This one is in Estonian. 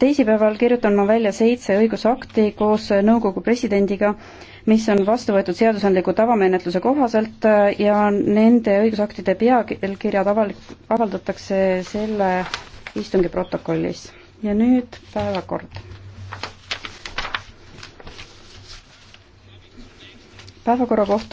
teisipäeval kirjutan ma välja seitse õigusakti koos nõukogu presidendiga, mis on vastu võetud seadusandliku tavamenetluse kohaselt äh, ja nende õigusaktide pealkirjad avalik-, avaldatakse selle istungi protokollis. ja nüüd päevakord. päevakorra kohta